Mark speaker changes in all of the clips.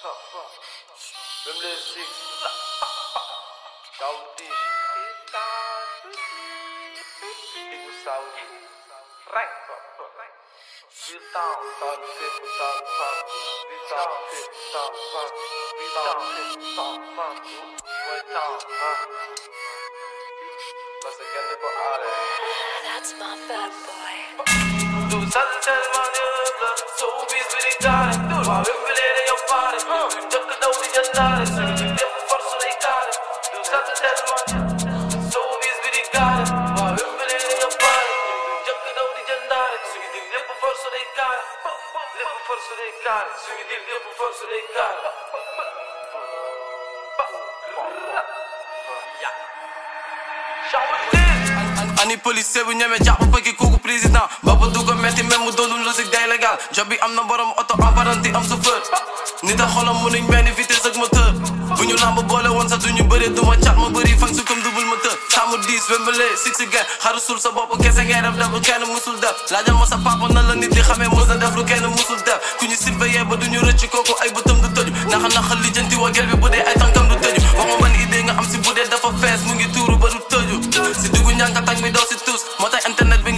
Speaker 1: Bemlezik Saudi Ibu Saudi Rek Vitão, sabe, seco, sabe, sabe Vitão, seco, sabe, sabe Vitão, seco, sabe, sabe Vitão, sabe Nossa, que anda com a área That's my bad boy Du sagst, ich kann mal hier So wie es für dich da ist Du war hüpfelig, cari Gioca da un miliardare Se non ci abbiamo forza nei cari Non state deadline Solo mi sbiricare Ma io me ne devo fare Gioca da un miliardare Se mi devo forza nei cari Devo forza nei cari Se mi devo forza nei cari Shower Ani police bu ñeme jàpp pëggi kooku président Baba du ko metti même mu doonul logique day légal job bi am na borom oto apparenti am chauffeur xolam mu nuñ benn vitesse ak moteur bu ñu lamb boole woon sax duñu bëree duma cat ma bëri fan su comme double moteur sàmm diis wembale six si gen xaru sa bopp kese ngay def def lu kenn musul def laajal ku ñu surveiller ba duñu rëcc kooku ay bëtam du tëju naxa naxa lijjanti wagel bi bu dee ay tànkam du tëju ma ban idée nga am si bu dee dafa fees mu ngi tuuru ba du tëju si dugg ñànka tag mi doo tuus moo tax internet fi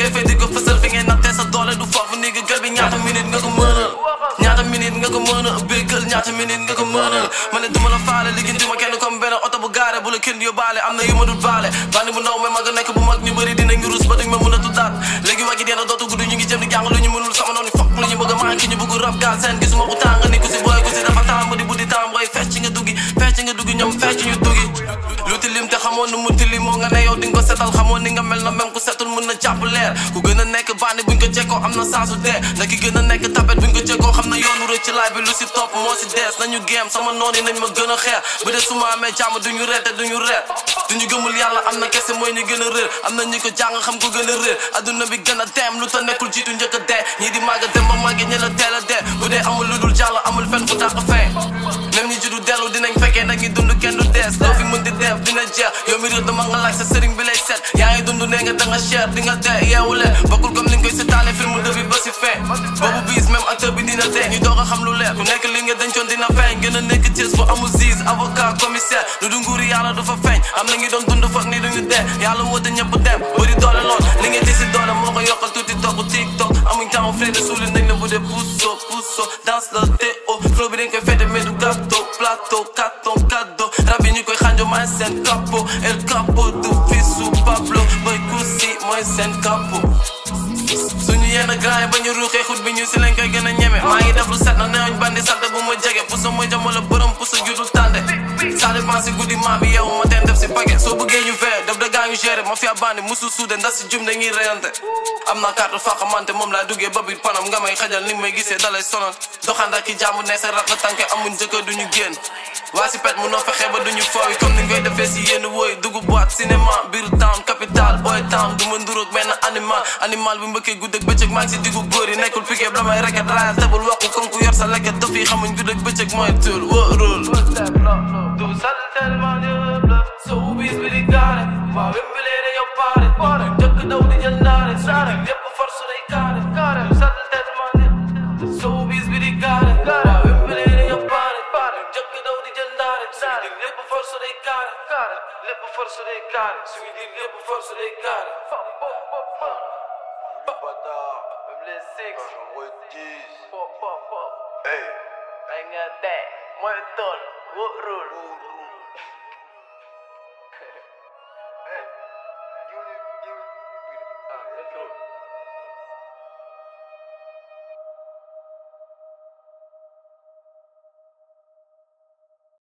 Speaker 1: nga ko mën a ñaata minute nga a ñaata minit nga ko mënal ma ne duma la faale liggéey ma kenn comme benn oto bu gaare bu la kenn yóbbaale am na yu ma dul baale bandi bu ndaw mais ma nekk bu mag ñu bëri dinañu rus ba duñ ma mën a tuddaat léegi wagi dina dootu gudd ñu ngi jëm di jàng lu ñu mënul sama noonu fokk lu ñu bëgg a manqué ñu bëgg rab gaal seen gisuma utanga ni ku si booy ku si dafa tàmm di buddi tàmm way fecc nga duggi fecc nga duggi ñoom fecc ñu duggi setal xamoon ni nga mel na même ku setul mun na jàpp leer ku gën a nekk bànni buñ ko jekkoo am na saasu dee na ki gën a nekk tapet buñ ko jekkoo xam na yoonu rëcc laay bi lu si topp moo si dees nañu géem sama noon yi nañ ma gën a xeex ba dee su ma amee jàmm duñu reete duñu reet ñu gëmul yàlla am na kese mooy ñu gën a réer am na ñi ko jàng xam ko gën a réer adduna bi gën a dem lu ta nekkul jiitu njëkk a dee ñii di màgg dem ba màgg ñi la a dee bu dee amul lu dul jàll amul des loo fi mën di def dina jeex yow mi réer nga laaj sa sëriñ bi lay seet nee nga da nga cher di nga dee yeewule bokkul comme ni nga koy setaale film début ba si biis même acteur bi dina dee ñu doog a xam lu leer ku nekk li nga dina feeñ gën a nekk Thiès bu amul zis avocat commissaire lu du nguuri yàlla du fa feeñ am na ngi doon dund ni duñu dee yàlla woote ñëpp dem bëri doole lool li bu dee pousso la mooy seen capo el capo du fisu Pablo boy kusi mooy seen capo yenn gaay ba ñu ruuxee xut bi ñu si lañ koy gën a ñeme maa ngi def lu set na neewuñ bandi salte bu ma jege pour sa mooy jamono bërëm pour sa judul tànde saa dépense si guddi maa bi ma teen def si paquet soo bëggee ñu vee def da gaa ñu géré ma fi a bandi musu suude ndax si jum dañuy reyante am naa carte faxamante moom laa duggee ba biir panam nga may xajal ni may gisee dalay sonal doxandak ki jàmbu ne sa raq tànke amuñ jëkkër duñu génn waa si pet munoo fexe ba duñu fooy comme ni ngay defee si yenn wooy duggu boîte cinéma biir town capital boy town du ma nduróog benn animal animal bu mbëkkee guddeeg bëccëg maa ngi si nekkul piqué la may reket raayal tabul waxu kon ku yor sa lekket daf yi xamuñ guddeeg bëccëg mooy tuul wóorul bless six. Quand redis.